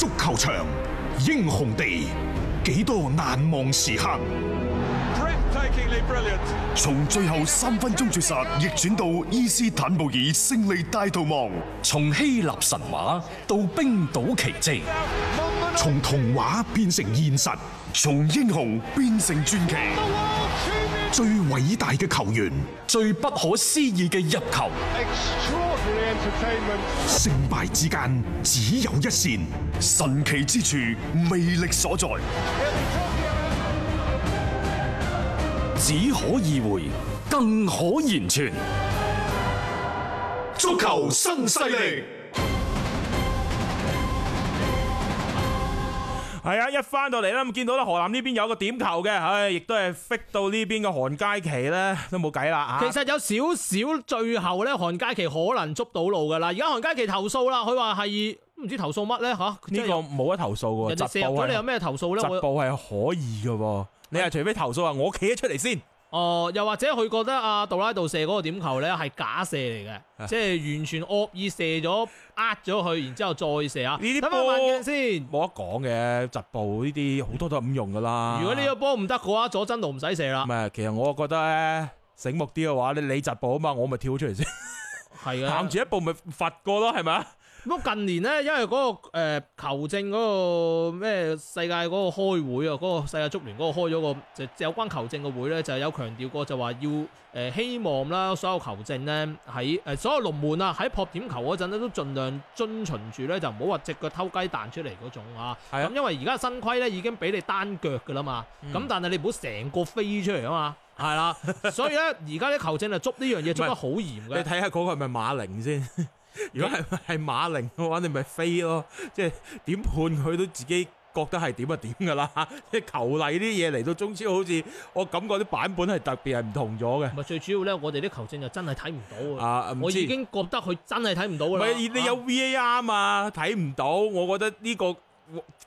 足球場，英雄地，幾多難忘時刻。從最後三分鐘絕殺，逆轉到伊斯坦布爾勝利大逃亡，從希臘神話到冰島奇蹟，從童話變成現實，從英雄變成傳奇。最偉大嘅球員，最不可思議嘅入球，勝敗之間只有一線，神奇之處魅力所在，只可意會，更可言傳，足球新勢力。係啊，一翻到嚟啦，咁見到咧河南呢邊有個點球嘅，唉、哎，亦都係 fit 到呢邊嘅韓佳琪咧，都冇計啦吓。啊、其實有少少最後咧，韓佳琪可能捉到路噶啦。而家韓佳琪投訴啦，佢話係唔知投訴乜咧吓。呢、啊、個冇得投訴嘅，集暴啊！人你有咩投訴咧？我集暴係可以嘅喎。有你係除非投訴啊，我企咗出嚟先。哦、呃，又或者佢覺得阿杜拉道射嗰個點球咧係假射嚟嘅，即係 完全惡意射咗呃咗佢，然之後再射啊！呢啲些先，冇得講嘅，疾步呢啲好多都係咁用噶啦。如果呢個波唔得嘅話，左真度唔使射啦。唔係，其實我覺得咧，醒目啲嘅話，你你疾步啊嘛，我咪跳出嚟先的，行住 一步咪罰過咯，係咪？咁近年咧，因為嗰、那個誒、呃、球證嗰、那個咩世界嗰個開會啊，嗰、那個世界足聯嗰個開咗個就有關球證嘅會咧，就係有強調過就話要誒、呃、希望啦、呃，所有球證咧喺誒所有龍門啊喺撲點球嗰陣咧都盡量遵循住咧就唔好話隻腳偷雞蛋出嚟嗰種啊。咁、啊、因為而家新規咧已經俾你單腳噶啦嘛，咁、嗯、但係你唔好成個飛出嚟啊嘛。係啦是、啊， 所以咧而家啲球證啊捉呢樣嘢捉得好嚴嘅。你睇下嗰個係咪馬寧先？如果係係麼馬寧嘅話，你咪飛咯！即係點判佢都自己覺得係點啊點噶啦！即係球例啲嘢嚟到中超，好似我感覺啲版本係特別係唔同咗嘅。唔係最主要咧，我哋啲球證就真係睇唔到啊！我已經覺得佢真係睇唔到啦。唔係你有 VAR 啊嘛，睇唔，啊、到，我覺得呢個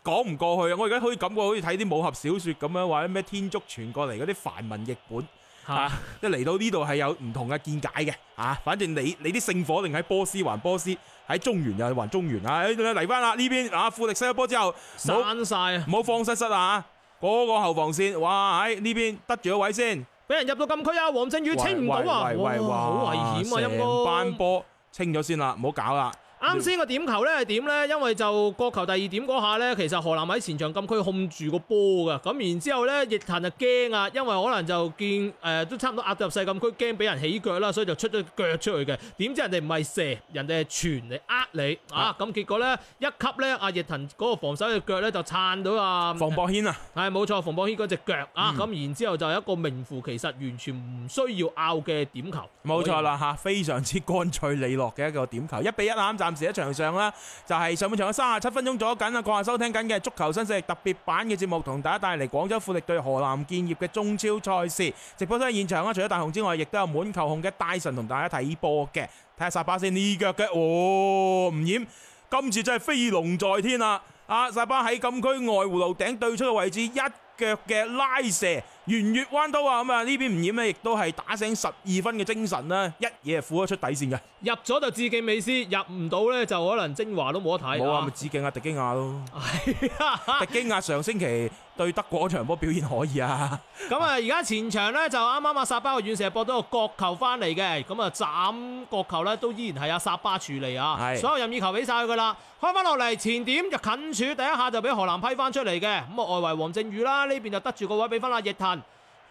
講唔過去。我而家可以感覺好似睇啲武俠小說咁樣，或者咩天竺傳過嚟嗰啲繁文譯本。吓、 啊，即係嚟到呢度係有唔同嘅見解嘅，吓、啊，反正你你啲聖火定喺波斯還波斯，喺中原又還中原啊！嚟翻啦，呢邊啊富力西一波之後，散晒啊，唔好放失失啊，嗰個後防線，哇、啊，喺呢邊得住個位先，俾人入到禁區啊！黃正宇清唔到啊，好危險啊，陰功，班波清咗先啦，唔好搞啦。啱先個點球咧係點咧？因為就角球第二點嗰下咧，其實河南喺前場禁區控住個波噶，咁然之後咧，易騰就驚啊，因為可能就見誒、呃、都差唔多壓入細禁區，驚俾人起腳啦，所以就出咗腳出去嘅。點知人哋唔係射，人哋係傳嚟呃你啊，啊！咁結果咧一級咧，阿易騰嗰個防守嘅腳咧就撐到阿馮博軒啊！係冇錯，馮博軒嗰隻腳啊！咁然之後，後就一個名副其實完全唔需要拗嘅點球，冇錯、嗯、啦吓，非常之乾脆利落嘅一個點球，1比1一球1比一啊啱時喺場上啦，就係、是、上半場嘅三十七分鐘咗緊啊，各位收聽緊嘅足球新勢力特別版嘅節目，同大家帶嚟廣州富力對河南建業嘅中超賽事直播室喺現場啦。除咗大雄之外，亦都有滿球紅嘅大神同大家睇波嘅。睇下薩巴先呢腳嘅，哦，唔掩，今次真係飛龍在天啦，啊！阿、啊、薩巴喺禁區外葫蘆頂對出嘅位置一。腳嘅拉射，圓月彎刀啊，咁啊呢邊唔染咧，亦都係打醒十二分嘅精神啦，一嘢付咗出底線嘅，入咗就致敬美斯，入唔到咧就可能精華都冇得睇啦。冇啊，咪致敬阿迪基亞咯， 迪基亞上星期。對德國嗰場波表現可以啊！咁啊，而家前場呢，就啱啱阿薩巴個遠射博到個角球翻嚟嘅，咁啊斬角球呢，都依然係阿薩巴處理啊。係是所有任意球俾晒佢啦。開翻落嚟前點就近處，第一下就俾河南批翻出嚟嘅。咁啊外圍黃正宇啦，呢邊就得住個位俾翻阿易騰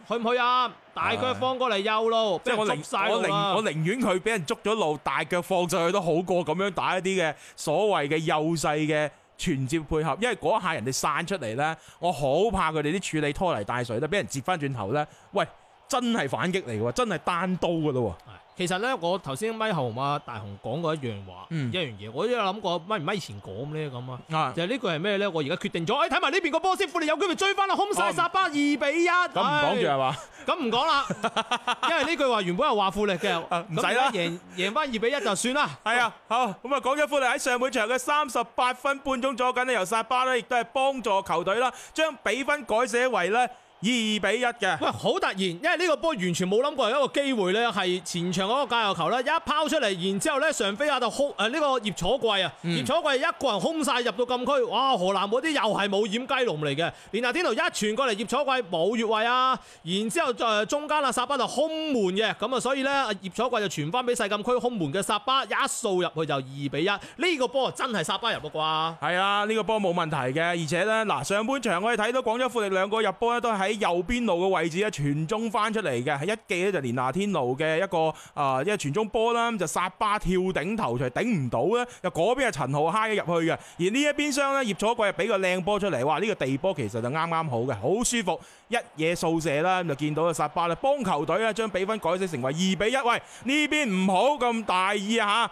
去唔去啊？大腳放過嚟右路，即係我寧我寧我寧願佢俾人捉咗路，大腳放咗去都好過咁樣打一啲嘅所謂嘅優勢嘅。全接配合，因為嗰下人哋散出嚟咧，我好怕佢哋啲處理拖泥帶水咧，俾人截翻轉頭咧，喂，真係反擊嚟嘅，真係單刀嘅咯。其實咧、嗯，我頭先咪同阿，大雄講過一樣話，一樣嘢，我都有諗過，咪唔咪以前講咧咁啊。就係呢句係咩咧？我而家決定咗，誒、哎，睇埋呢邊個波先，富力有機會咪追翻啦，空晒薩、哦、巴二比一。咁唔講住係嘛？咁唔講啦， 因為呢句話原本係話富力嘅，唔使啦，贏贏翻二比一就算啦。係用啊，啊好，咁啊講咗富力喺上半場嘅三十八分半鐘左近呢，由薩巴咧亦都係幫助球隊啦，將比分改寫為咧。二比一嘅，喂，好突然，因為呢個波完全冇諗過係一個機會咧，係前場嗰個界外球咧，一拋出嚟，然之後咧上飛下就空，誒、呃、呢、這個葉楚貴啊，葉、嗯、楚貴一個人空晒入到禁區，哇，河南啲又係冇掩雞籠嚟嘅，連阿天龍一傳過嚟，葉楚貴冇越位啊，然之後誒、呃、中間阿薩巴就空門嘅，咁啊所以咧阿葉楚貴就傳翻俾細禁區空門嘅薩巴一掃入去就二比一，呢個波真係薩巴入嘅啩？係啊，呢、這個波冇問題嘅，而且咧嗱上半場我哋睇到廣州富力兩個入波咧都喺。喺右邊路嘅位置咧，傳中翻出嚟嘅，係一記咧就連拿天奴嘅一個啊、呃，一個傳中波啦，就薩巴跳頂頭，就頂唔到咧，就嗰邊係陳浩，嗨咗入去嘅。而邊箱呢一邊廂咧，葉楚貴又俾個靚波出嚟，哇！呢、這個地波其實就啱啱好嘅，好舒服，一嘢掃射啦，咁就見到個薩巴啦，幫球隊咧將比分改寫成為二比一。喂，呢邊唔好咁大意啊吓！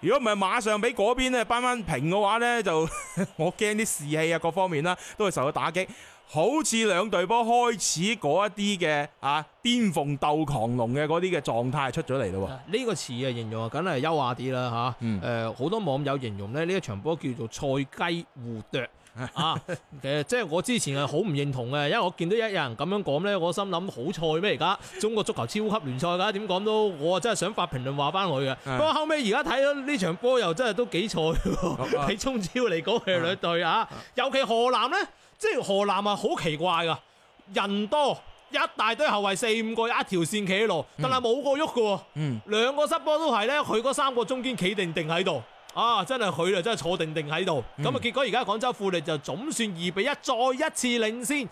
如果唔係馬上俾嗰邊咧扳翻平嘅話咧，就 我驚啲士氣啊，各方面啦，都會受到打擊。好似兩隊波開始嗰一啲嘅啊巔峰鬥狂龍嘅嗰啲嘅狀態出咗嚟咯喎，呢個詞啊形容啊，梗係優雅啲啦吓。誒、呃，好多網友形容咧呢一場波叫做菜雞互啄啊。 其實即係我之前係好唔認同嘅，因為我見到有人咁樣講咧，我心諗好菜咩？而家中國足球超級聯賽噶，點講都我真係想發評論話翻佢嘅。嗯、不過後尾而家睇到呢場波又真係都幾菜喎。喺中超嚟講係兩隊啊，尤其河南咧。即係河南啊，好奇怪噶，人多一大堆後衞四五個，一條線企喺度，嗯、但係冇個喐噶喎，嗯、兩個失波都係咧，佢嗰三個中堅企定定喺度，啊真係佢啊真係、啊、坐定定喺度，咁啊、嗯、結果而家廣州富力就總算二比一再一次領先，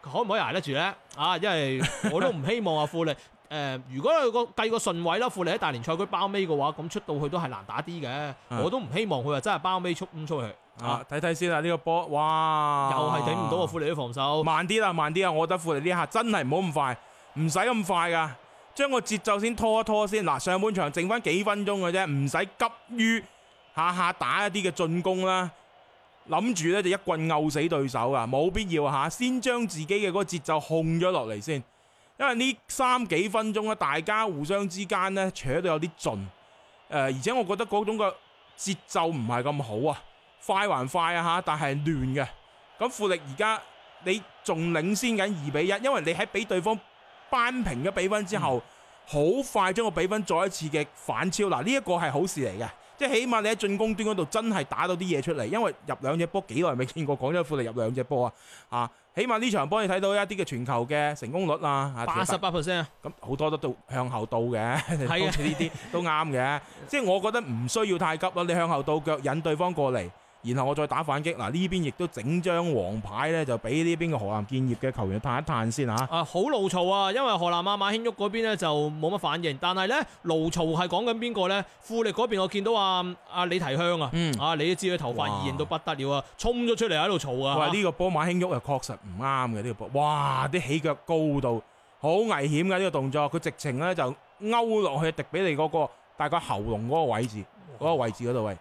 可唔可以捱得住咧？啊，因為我都唔希望啊富力，誒、 呃、如果個計個順位啦，富力喺大連賽區包尾嘅話，咁出到去都係難打啲嘅，我都唔希望佢話真係包尾出咁出去。啊！睇睇先啦，呢個波哇，又係頂唔到啊！富力啲防守慢啲啦，慢啲啊！我覺得富力呢下真係唔好咁快，唔使咁快噶，將個節奏先拖一拖先。嗱，上半場剩翻幾分鐘嘅啫，唔使急於下下打一啲嘅進攻啦。諗住咧就一棍毆死對手噶，冇必要吓。先將自己嘅嗰個節奏控咗落嚟先，因為呢三幾分鐘咧，大家互相之間呢，扯到有啲盡誒，而且我覺得嗰種嘅節奏唔係咁好啊。快還快啊吓，但係亂嘅。咁富力而家你仲領先緊二比一，因為你喺俾對方扳平咗比分之後，好、嗯、快將個比分再一次嘅反超。嗱，呢一個係好事嚟嘅，即係起碼你喺進攻端嗰度真係打到啲嘢出嚟。因為入兩隻波幾耐未見過廣州富力入兩隻波啊！啊，起碼呢場幫你睇到一啲嘅傳球嘅成功率啊，八十八 percent 啊。咁好多都到向後倒嘅，好似呢啲都啱嘅。即係我覺得唔需要太急咯，你向後倒腳引對方過嚟。然後我再打反擊，嗱，呢邊亦都整張黃牌咧，就俾呢邊嘅河南建業嘅球員嘆一嘆先嚇。啊，好怒嘈啊！因為河南啊，馬興旭嗰邊咧就冇乜反應，但係咧怒嘈係講緊邊個咧？富力嗰邊我見到阿、啊、阿、啊、李提香啊，嗯、啊你都知佢頭髮異形到不得了，哇了啊，衝咗出嚟喺度嘈啊！話、這、呢個波馬興旭啊，確實唔啱嘅呢個波。哇！啲起腳高度好危險㗎，呢、這個動作佢直情咧就勾落去迪比利嗰、那個，大概喉嚨嗰個位置嗰、那個、位置度喂。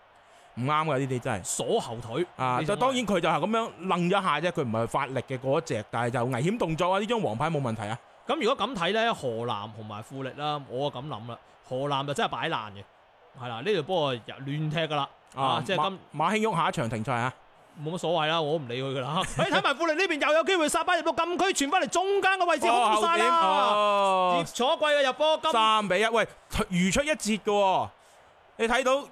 唔啱噶，呢啲真係鎖喉腿啊！其實當然佢就係咁樣楞一下啫，佢唔係發力嘅嗰隻，但係就危險動作啊！呢張黃牌冇問題啊！咁如果咁睇咧，河南同埋富力啦，我啊咁諗啦，河南就真係擺爛嘅，係啦呢條波啊亂踢噶啦啊！即係、啊就是、今馬興雍下一場停賽啊，冇乜所謂啦，我唔理佢噶啦。誒，睇埋富力呢邊又有機會殺班入到禁區，傳翻嚟中間嘅位置空晒啦，哦、坐貴嘅入波三比一，喂，如出一轍嘅，你睇到。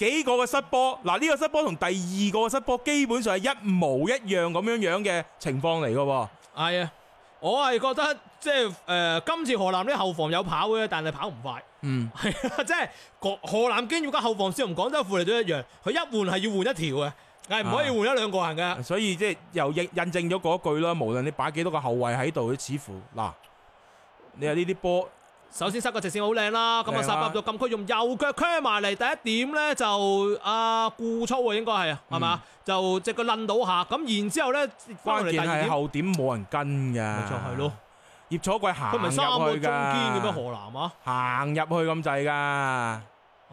幾個嘅失波，嗱呢、呢個失波同第二個失波基本上係一模一樣咁樣樣嘅情況嚟嘅喎。係啊，我係覺得即係誒、呃，今次河南啲後防有跑嘅，但係跑唔快。嗯，係啊， 即係河南經驗嘅後防線同廣州富力都一樣，佢一換係要換一條嘅，係唔可以換一兩個人嘅、啊。所以即係又印印證咗嗰句啦，無論你擺幾多個後衞喺度，佢似乎嗱，你話呢啲波。首先，塞個直線好靚啦，咁啊殺翻入到禁區，吧用右腳 curve 埋嚟。第一點咧就啊，顧操啊，應該係啊，係咪、嗯、就隻腳擸到下，咁然之後咧翻嚟第二點後點冇人跟㗎，冇錯係咯？葉楚貴行入去佢咪三個中堅咁樣？河南啊，行入去咁滯㗎，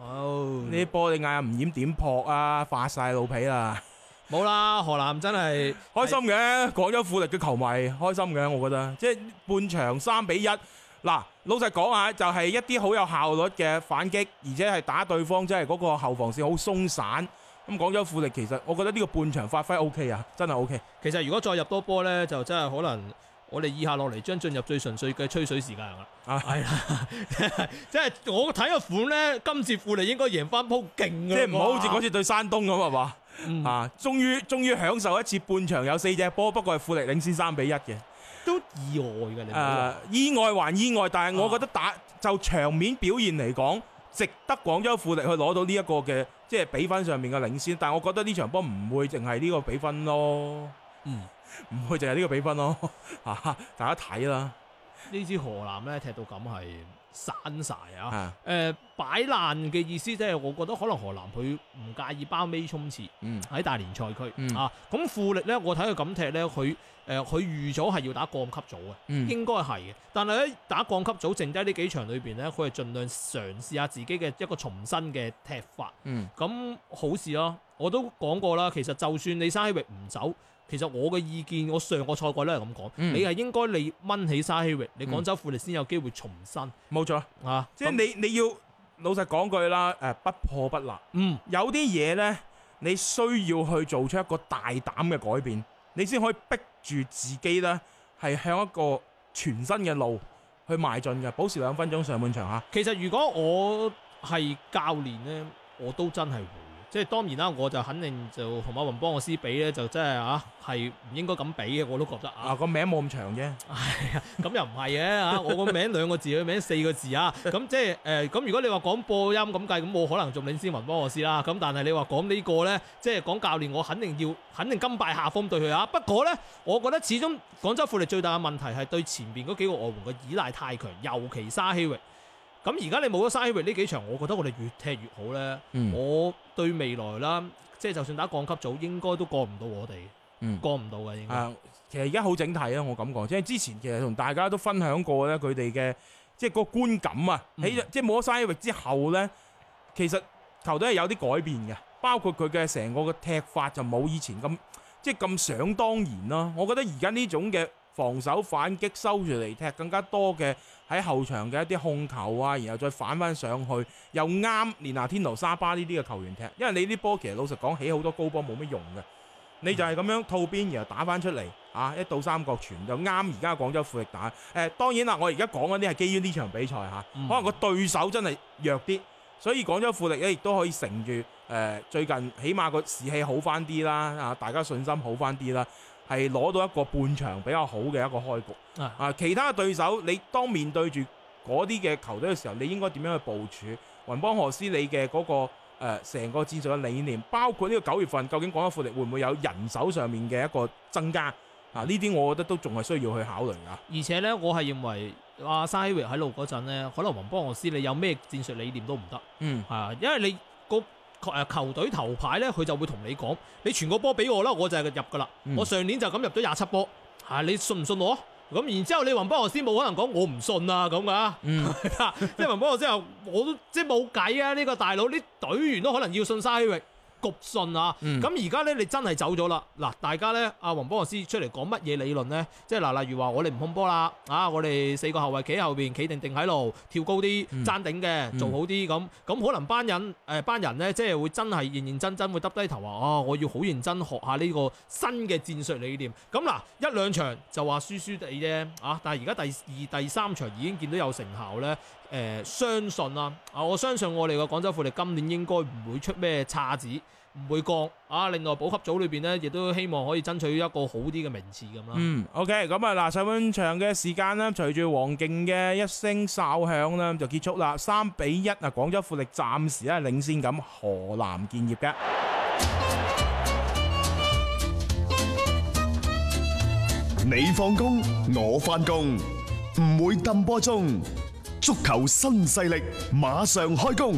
哦！呢波你嗌唔掩點撲啊？發晒老皮啦！冇啦，河南真係開心嘅，廣州富力嘅球迷開心嘅，我覺得即係半場三比一嗱。老實講下，就係一啲好有效率嘅反擊，而且係打對方即係嗰個後防線好鬆散。咁廣州富力其實，我覺得呢個半場發揮 O K 啊，真係 O K。其實如果再入多波呢，就真係可能我哋以下落嚟將進入最純粹嘅吹水時間啦。啊，係即係我睇個款呢，今次富力應該贏翻鋪勁噶。即係唔好好似嗰次對山東咁係嘛？嗯、啊，終於終於享受一次半場有四隻波，不過係富力領先三比一嘅。都意外嘅，誒、呃，意外還意外，但係我覺得打、啊、就場面表現嚟講，值得廣州富力去攞到呢一個嘅，即係比分上面嘅領先，但係我覺得呢場波唔會淨係呢個比分咯，嗯，唔會淨係呢個比分咯， 大家睇啦。呢支河南咧踢到咁係散晒啊！誒、啊呃、擺爛嘅意思即、就、係、是、我覺得可能河南佢唔介意包尾衝刺，喺、嗯、大連賽區啊。咁富力咧，我睇佢咁踢咧，佢誒佢預咗係要打降級組嘅，嗯、應該係嘅。但係咧打降級組剩低呢幾場裏邊咧，佢係盡量嘗試下自己嘅一個重新嘅踢法。咁、嗯嗯、好事咯、啊，我都講過啦。其實就算你生喺域唔走。其實我嘅意見，我上個賽季都係咁講。嗯、你係應該你掹起沙希域，你廣州富力先有機會重生。冇錯啊，吓、嗯，即係你你要老實講句啦，誒，不破不立。嗯，有啲嘢呢，你需要去做出一個大膽嘅改變，你先可以逼住自己呢，係向一個全新嘅路去邁進嘅。保持兩分鐘上半場吓。嗯、其實如果我係教練呢，我都真係會。即係當然啦，我就肯定就同阿雲幫我師比咧，就真係啊，係唔應該咁比嘅，我都覺得啊個名冇咁長啫，係啊，咁、哎、又唔係嘅嚇， 我個名兩個字，佢名四個字啊，咁 即係誒，咁、呃、如果你話講播音咁計，咁我可能仲領先雲幫我師啦，咁但係你話講呢個呢，即係講教練，我肯定要肯定甘拜下風對佢啊。不過呢，我覺得始終廣州富力最大嘅問題係對前邊嗰幾個外援嘅依賴太強，尤其沙希域。咁而家你冇咗沙域呢幾場，我覺得我哋越踢越好呢。嗯、我對未來啦，即係就算打降級組，應該都過唔到我哋。過唔到嘅應該、呃。其實而家好整體啊，我噉講，即係之前其實同大家都分享過呢，佢哋嘅即係嗰個觀感啊，喺即係冇咗沙域之後呢，其實球隊係有啲改變嘅，包括佢嘅成個嘅踢法就冇以前咁即係咁想當然咯。我覺得而家呢種嘅防守反擊收住嚟踢，更加多嘅。喺後場嘅一啲控球啊，然後再反翻上去又啱，連拿天奴沙巴呢啲嘅球員踢，因為你啲波其實老實講起好多高波冇乜用嘅，你就係咁樣套邊然後打翻出嚟啊！一到三角全，就啱而家廣州富力打誒、呃，當然啦，我而家講嗰啲係基於呢場比賽嚇，可能個對手真係弱啲，所以廣州富力誒亦都可以承住誒最近起碼個士氣好翻啲啦啊，大家信心好翻啲啦。係攞到一個半場比較好嘅一個開局，啊，其他嘅對手你當面對住嗰啲嘅球隊嘅時候，你應該點樣去部署？雲邦荷斯你嘅嗰個、呃、成個戰術嘅理念，包括呢個九月份究竟廣州富力會唔會有人手上面嘅一個增加？啊，呢啲我覺得都仲係需要去考慮㗎。而且呢，我係認為阿沙希維喺路嗰陣咧，可能雲邦荷斯你有咩戰術理念都唔得，嗯，係因為你球隊頭牌呢，佢就會同你講：你傳個波俾我啦，我就係入噶啦。嗯、我上年就咁入咗廿七波，係你信唔信我？咁然之後，你雲波羅斯冇可能講我唔信啊咁噶？即係、嗯、 雲波羅斯又我都即係冇計啊！呢、呢個大佬啲隊員都可能要信沙希域。局信啊！咁而家呢，你真係走咗啦。嗱，大家呢，阿黃波羅斯出嚟講乜嘢理論呢？即係嗱，例如話我哋唔控波啦，啊，我哋四個後衞企喺後邊，企定定喺度，跳高啲，爭頂嘅，做好啲咁。咁可能班人誒班人咧，即係會真係認認真真會耷低頭話，哦，我要好認真學下呢個新嘅戰術理念。咁嗱，一兩場就話輸輸地啫，啊！但係而家第二、第三場已經見到有成效呢。誒、呃，相信啦，啊，我相信我哋嘅廣州富力今年應該唔會出咩岔子，唔會降。啊，另外保級組裏邊呢亦都希望可以爭取一個好啲嘅名次咁啦，嗯 okay, 嗯。嗯，OK，咁啊嗱，上半場嘅時間呢，隨住黃靖嘅一聲哨響呢就結束啦，三比一啊，廣州富力暫時咧領先緊河南建業嘅。你放工，我翻工，唔會氹波中。足球新勢力馬上開工。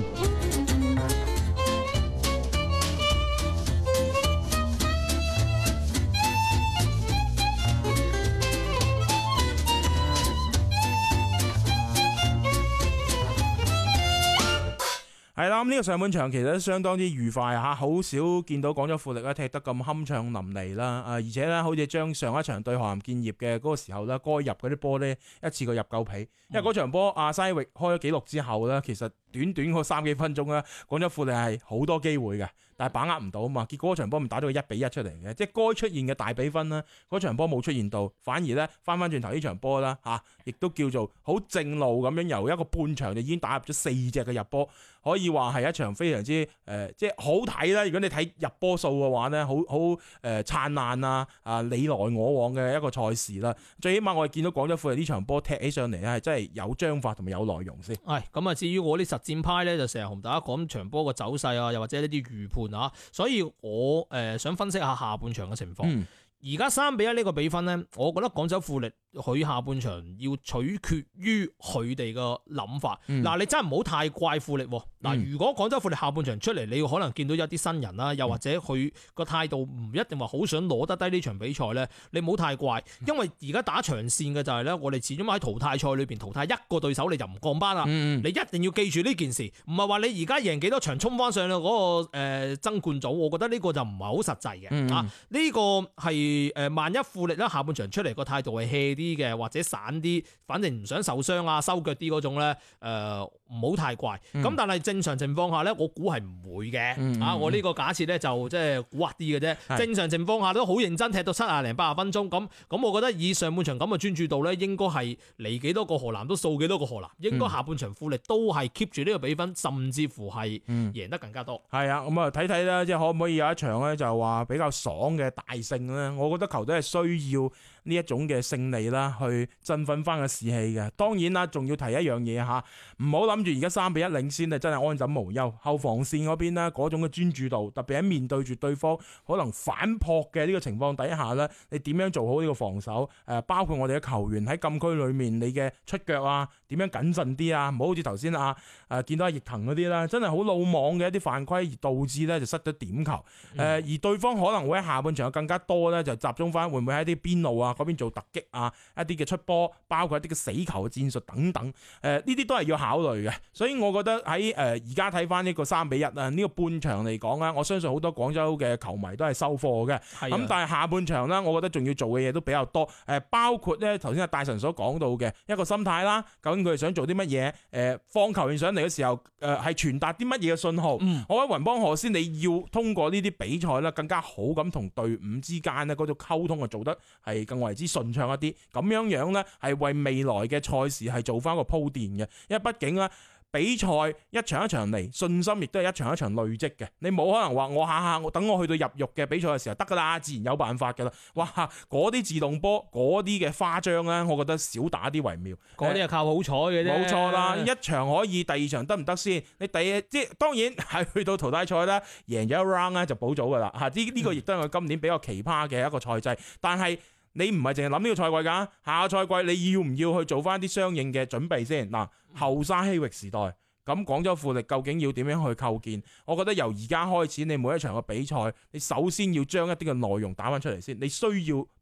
咁呢個上半場其實都相當之愉快嚇，好少見到廣州富力咧踢得咁酣暢淋漓啦。啊，而且咧，好似將上一場對河南建業嘅嗰個時候咧，該入嗰啲波咧，一次過入夠皮。因為嗰場波亞西域開咗紀錄之後咧，其實～短短個三幾分鐘啦，廣州富力係好多機會嘅，但係把握唔到啊嘛。結果嗰場波唔打到一個一比一出嚟嘅，即係該出現嘅大比分啦。嗰場波冇出現到，反而咧翻翻轉頭呢場波啦吓，亦、啊、都叫做好正路咁樣，由一個半場就已經打入咗四隻嘅入波，可以話係一場非常之誒、呃，即係好睇啦。如果你睇入波數嘅話咧，好好誒燦爛啊啊，你來我往嘅一個賽事啦。最起碼我哋見到廣州富力呢場波踢起上嚟咧，係真係有章法同埋有內容先。係咁啊，至於我呢實。戰派咧就成日同大家講場波個走勢啊，又或者呢啲預判啊，所以我誒想分析下下半場嘅情況。而家三比一呢個比分呢，我覺得廣州富力。佢下半場要取決於佢哋嘅諗法，嗱、嗯、你真係唔好太怪富力，嗱、嗯、如果廣州富力下半場出嚟，你可能見到有啲新人啦，又或者佢個態度唔一定話好想攞得低呢場比賽呢。你唔好太怪，因為而家打長線嘅就係、是、呢。我哋始終喺淘汰賽裏邊淘汰一個對手你就唔降班啦，嗯、你一定要記住呢件事，唔係話你而家贏幾多場衝翻上嗰、那個誒、呃、爭冠組，我覺得呢個就唔係好實際嘅，嗯嗯、啊呢、這個係誒萬一富力呢，下半場出嚟個態度係啲嘅或者散啲，反正唔想受傷啊，收腳啲嗰種咧，誒、呃。唔好太怪，咁、嗯、但係正常情況下咧，我估係唔會嘅，嗯、啊，我呢個假設咧就即係誇啲嘅啫。嗯、正常情況下都好認真踢到七啊零八啊十分鐘，咁咁我覺得以上半場咁嘅專注度咧，應該係嚟幾多個河南都掃幾多個河南，河南嗯、應該下半場富力都係 keep 住呢個比分，甚至乎係贏得更加多。係啊、嗯，咁啊睇睇啦，即係可唔可以有一場咧就話比較爽嘅大勝咧？我覺得球隊係需要呢一種嘅勝利啦，去振奮翻個士氣嘅。當然啦，仲要提一樣嘢吓，唔好諗。跟住而家三比一領先，你真係安枕無憂。後防線嗰邊咧，嗰種嘅專注度，特別喺面對住對方可能反撲嘅呢個情況底下咧，你點樣做好呢個防守？誒、呃，包括我哋嘅球員喺禁區裏面，你嘅出腳啊，點樣謹慎啲啊，唔好好似頭先啊誒、呃，見到阿易騰嗰啲啦，真係好魯莽嘅一啲犯規而導致咧就失咗點球。誒、呃，嗯、而對方可能會喺下半場更加多咧，就集中翻會唔會喺啲邊路啊嗰邊做突擊啊，一啲嘅出波，包括一啲嘅死球嘅戰術等等。誒呢啲都係要考慮嘅。所以我覺得喺誒而家睇翻呢個三比一啊，呢個半場嚟講咧，我相信好多廣州嘅球迷都係收貨嘅。咁的，但係下半場咧，我覺得仲要做嘅嘢都比較多。誒，包括呢頭先阿大神所講到嘅一個心態啦，究竟佢哋想做啲乜嘢？誒，放球員上嚟嘅時候，誒係傳達啲乜嘢嘅信號？嗯，我覺得雲邦荷斯，你要通過呢啲比賽咧，更加好咁同隊伍之間呢嗰種溝通啊，做得係更為之順暢一啲。咁樣樣呢係為未來嘅賽事係做翻個鋪墊嘅，因為畢竟咧。比賽一場一場嚟，信心亦都係一場一場累積嘅。你冇可能話我一下一下我等我去到入獄嘅比賽嘅時候得噶啦，自然有辦法嘅啦。哇嗰啲自動波，嗰啲嘅誇張咧，我覺得少打啲為妙。嗰啲係靠好彩嘅啫。冇錯啦，嗯、一場可以，第二場得唔得先？你第即當然係去到淘汰賽啦，贏咗一 round 咧就補組噶啦。吓、啊，呢、這、呢個亦都係今年比較奇葩嘅一個賽制，嗯、但係。你唔係淨係諗呢個賽季噶，下個賽季你要唔要去做翻啲相應嘅準備先？嗱，後生希域時代，咁廣州富力究竟要點樣去構建？我覺得由而家開始，你每一場嘅比賽，你首先要將一啲嘅內容打翻出嚟先。你需要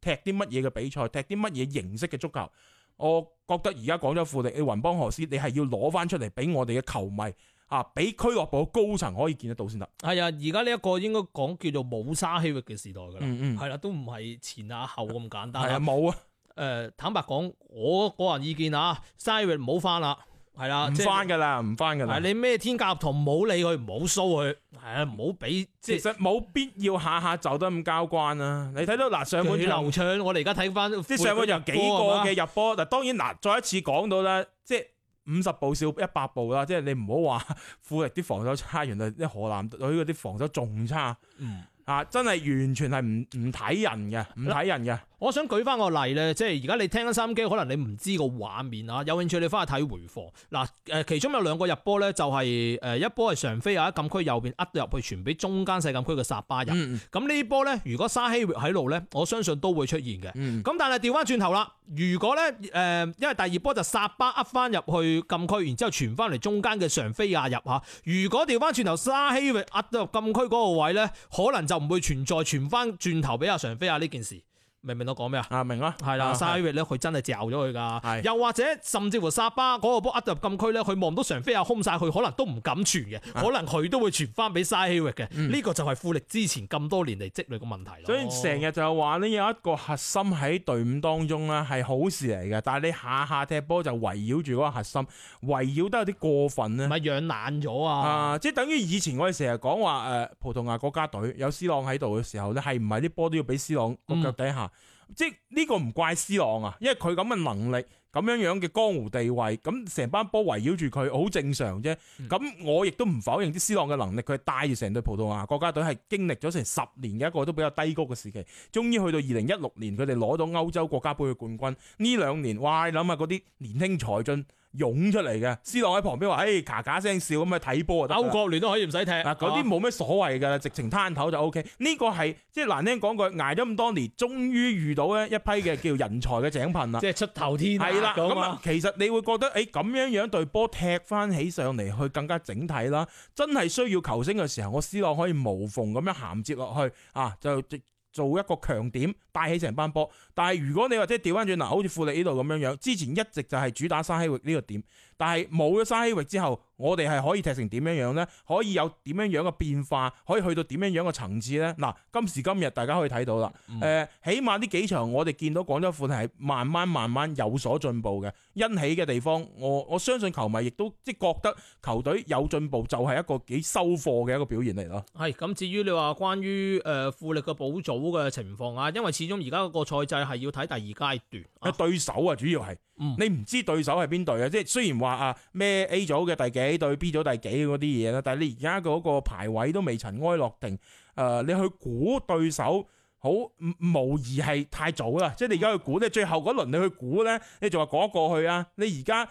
踢啲乜嘢嘅比賽，踢啲乜嘢形式嘅足球？我覺得而家廣州富力，你云邦賀斯，你係要攞翻出嚟俾我哋嘅球迷。啊！俾俱樂部高層可以見得到先得。係啊，而家呢一個應該講叫做冇沙希域嘅時代㗎啦。嗯嗯。係啦、啊，都唔係前啊後咁、啊、簡單。係冇啊。誒、啊啊呃，坦白講，我個人意見啊，沙希域唔好翻啦。係啦。唔翻㗎啦，唔翻㗎啦。係你咩天價合同唔好理佢，唔好收佢。係啊，唔好俾即係冇必要下下走得咁交關啊。你睇、啊啊、到嗱、啊、上半場流暢，我哋而家睇翻啲上半場幾個嘅入波。嗱吧，當然嗱、啊，再一次講到啦，即係。即即五十步笑一百步啦，即係你唔好話富力啲防守差，原來啲河南隊嗰啲防守仲差，嚇、嗯啊、真係完全係唔唔睇人嘅，唔睇人嘅。我想舉翻個例咧，即係而家你聽緊收音機，可能你唔知個畫面啊。有興趣你翻去睇回放嗱。誒，其中有兩個入波咧、就是，就係誒一波係常飛亞，喺禁區右邊壓入去傳俾中間細禁區嘅薩巴入。咁、嗯、呢波咧，如果沙希域喺度咧，我相信都會出現嘅。咁、嗯、但係調翻轉頭啦，如果咧誒，因為第二波就薩巴壓翻入去禁區，然之後傳翻嚟中間嘅常飛亞入吓。如果調翻轉頭，沙希域壓到禁區嗰個位咧，可能就唔會存在傳翻轉頭俾阿常飛亞呢件事。明唔明我講咩啊？阿明啦，係啦。s 域咧、啊，佢真係嚼咗佢㗎。的又或者甚至乎沙巴嗰個波壓入禁區咧，佢望到常飛下、啊、空晒，佢可能都唔敢傳嘅，的可能佢都會傳翻俾 s 域嘅的。呢個就係富力之前咁多年嚟積累嘅問題咯。所以成日就係話呢有一個核心喺隊伍當中咧係好事嚟嘅，但係你下下踢波就圍繞住嗰個核心，圍繞得有啲過分咧。唔係養懶咗啊！呃、即係等於以前我哋成日講話誒葡萄牙國家隊有 C 朗喺度嘅時候咧，係唔係啲波都要俾 C 朗腳底下？嗯即呢、這個唔怪 C 朗啊，因為佢咁嘅能力、咁樣樣嘅江湖地位，咁成班波圍繞住佢，好正常啫。咁、嗯、我亦都唔否認啲 C 朗嘅能力，佢帶住成隊葡萄牙國家隊係經歷咗成十年嘅一個都比較低谷嘅時期，終於去到二零一六年佢哋攞到歐洲國家杯嘅冠軍。呢兩年，哇！諗下嗰啲年輕才俊。湧出嚟嘅。C 朗喺旁邊話，哎、欸，卡卡聲笑咁啊睇波啊，歐國聯都可以唔使踢嗱，嗰啲冇咩所謂噶，直情攤頭就 OK。呢個係即係難聽講句，挨咗咁多年，終於遇到咧一批嘅叫人才嘅井噴啦，即係出頭天係啦。咁啊，啊啊其實你會覺得，哎、欸，咁樣樣對波踢翻起上嚟，去更加整體啦。真係需要球星嘅時候，我 C 朗可以無縫咁樣銜接落去啊，就，就做一個強點帶起成班波，但係如果你話即係調翻轉嗱，好似富力呢度咁樣樣，之前一直就係主打沙希域呢個點。但係冇咗沙希域之後，我哋係可以踢成點樣樣呢？可以有點樣樣嘅變化，可以去到點樣樣嘅層次呢？嗱，今時今日大家可以睇到啦。誒、嗯，起碼呢幾場我哋見到廣州富力係慢慢慢慢有所進步嘅，欣喜嘅地方。我我相信球迷亦都即覺得球隊有進步就係一個幾收貨嘅一個表現嚟咯。係咁，至於你話關於誒、呃、富力嘅補組嘅情況啊，因為始終而家個賽制係要睇第二階段。誒、啊、對手啊，主要係你唔知對手係邊隊啊，即係雖然話，話啊咩 A 組嘅第幾對 B 組第幾嗰啲嘢啦，但係你而家嗰個排位都未塵埃落定，誒、呃，你去估對手好無，無疑係太早啦，即、就、係、是、你而家去估咧，最後嗰輪你去估咧，你就話過過去啊？你而家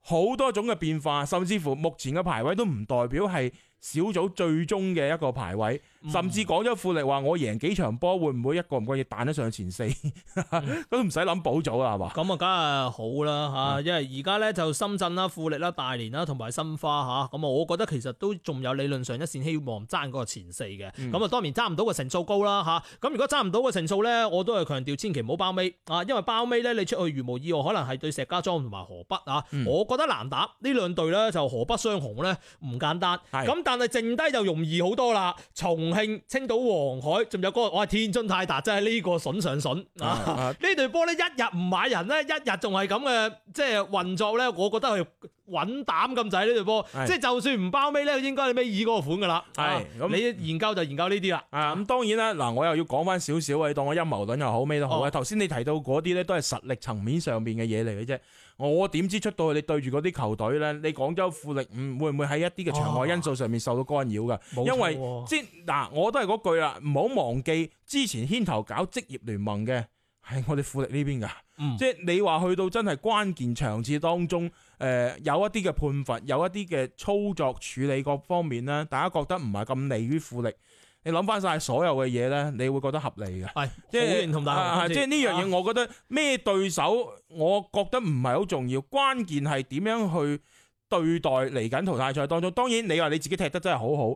好多種嘅變化，甚至乎目前嘅排位都唔代表係小組最終嘅一個排位。甚至講咗富力話：我贏幾場波，會唔會一個唔該嘢彈得上前四 都是是？都唔使諗保組啦，係嘛？咁啊，梗係好啦嚇，因為而家咧就深圳啦、富力啦、大連啦，同埋申花嚇，咁啊，我覺得其實都仲有理論上一線希望爭嗰個前四嘅。咁啊、嗯，當然爭唔到個成數高啦嚇。咁、啊、如果爭唔到個成數咧，我都係強調千祈唔好包尾啊，因為包尾咧你出去如無意外，可能係對石家莊同埋河北啊，嗯、我覺得難打呢兩隊咧，就河北雙雄咧唔簡單。咁、嗯、但係剩低就容易好多啦，從青青島黃海，仲有、嗰個我係天津泰達，真係呢個筍上筍啊！呢隊波咧一日唔買人咧，一日仲係咁嘅，即係運作咧，我覺得係穩膽咁滯呢隊波，即係是就算唔包尾咧，應該係尾二嗰個款噶啦。係，你研究就研究呢啲啦。咁、啊、當然啦，嗱，我又要講翻少少啊。你當我陰謀論又好，咩都好啊。頭先你提到嗰啲咧，都係實力層面上邊嘅嘢嚟嘅啫。我點知出到去你對住嗰啲球隊呢？你廣州富力會唔會喺一啲嘅場外因素上面受到干擾噶？哦啊、因為即，嗱，我都係嗰句啦，唔好忘記之前牽頭搞職業聯盟嘅係我哋富力呢邊噶。嗯、即係你話去到真係關鍵場次當中，誒有一啲嘅判罰，有一啲嘅操作處理各方面咧，大家覺得唔係咁利於富力。你諗翻晒所有嘅嘢咧，你會覺得合理嘅，係的即係是、呃、即係呢樣嘢，我覺得咩、啊、對手，我覺得唔係好重要，關鍵係點樣去對待嚟緊淘汰賽當中，當然你話你自己踢得真係好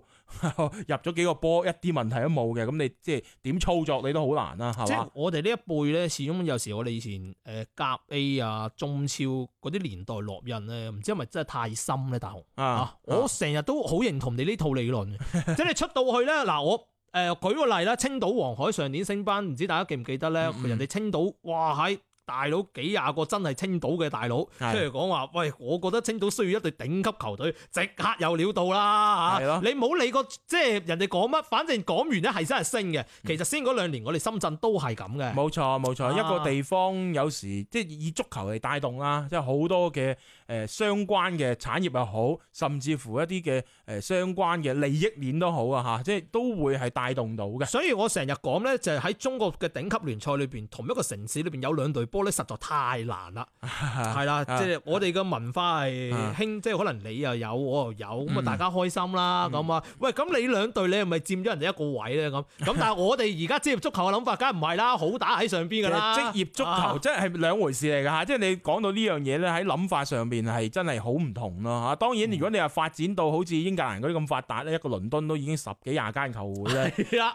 好， 入咗幾個波，一啲問題都冇嘅，咁你即係點操作你都好難啦，係即係我哋呢一輩咧，始終有時我哋以前誒、呃、甲 A 啊、中超嗰啲年代落印咧，唔知係咪真係太深咧，大雄啊！啊啊我成日都好認同你呢套理論， 即係你出到去咧，嗱我誒、呃、舉個例啦，青島黃海上年升班，唔知大家記唔記得咧？嗯、人哋青島哇係。大佬幾廿個真係青島嘅大佬出嚟講話，喂，我覺得青島需要一隊頂級球隊，係咯即刻有料到啦嚇！你冇理過即係人哋講乜，反正講完咧係真係升嘅。其實先嗰兩年、嗯、我哋深圳都係咁嘅。冇錯冇錯，錯啊、一個地方有時即係以足球嚟帶動啦，即係好多嘅誒、呃、相關嘅產業又好，甚至乎一啲嘅誒相關嘅利益鏈都好啊嚇，即係都會係帶動到嘅。所以我成日講咧，就係、是、喺中國嘅頂級聯賽裏邊，同一個城市裏邊有兩隊波。嗰實在太難啦，係啦， 即係我哋嘅文化係興， 即係可能你又有我又有，咁啊大家開心啦咁啊，喂，咁你兩隊你係咪佔咗人哋一個位咧咁？咁 但係我哋而家職業足球嘅諗法，梗係唔係啦，好打喺上邊㗎啦。職業足球即係兩回事嚟㗎，即係 你講到呢樣嘢咧，喺諗法上邊係真係好唔同咯嚇。當然，如果你話發展到好似英格蘭嗰啲咁發達咧，一個倫敦都已經十幾廿間球會咧，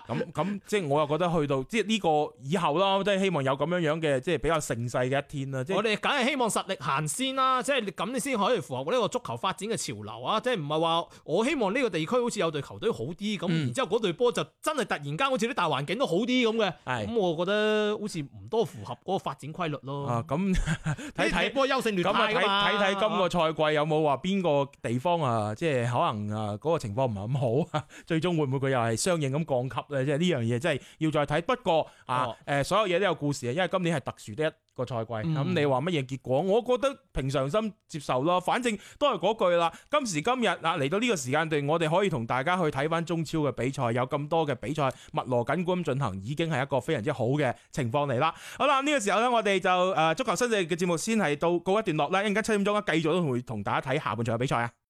咁咁的 即係我又覺得去到即係呢個以後咯，都係希望有咁樣樣嘅即係比較盛世嘅一天啦，即係我哋梗係希望實力行先啦，即係咁你先可以符合呢個足球發展嘅潮流啊！即係唔係話我希望呢個地區好似有隊球隊好啲咁，然、嗯、之後嗰隊波就真係突然間好似啲大環境都好啲咁嘅，咁是我覺得好似唔多符合嗰個發展規律咯。啊，咁睇睇波優勝劣汰㗎，咁睇睇今個賽季有冇話邊個地方啊，即係、啊、可能啊嗰個情況唔係咁好，最終會唔會佢又係相應咁降級咧？即係呢樣嘢即係要再睇。不過啊，誒、啊啊、所有嘢都有故事啊，因為今年係特殊的一。個賽季咁，你話乜嘢結果？我覺得平常心接受咯，反正都係嗰句啦。今時今日啊，嚟到呢個時間段，我哋可以同大家去睇翻中超嘅比賽，有咁多嘅比賽密鑼緊鼓咁進行，已經係一個非常之好嘅情況嚟啦。好啦，呢、這個時候呢，我哋就誒足、呃、球新勢力嘅節目先係到告一段落啦。一陣間七點鐘啊，繼續都會同大家睇下半場嘅比賽啊。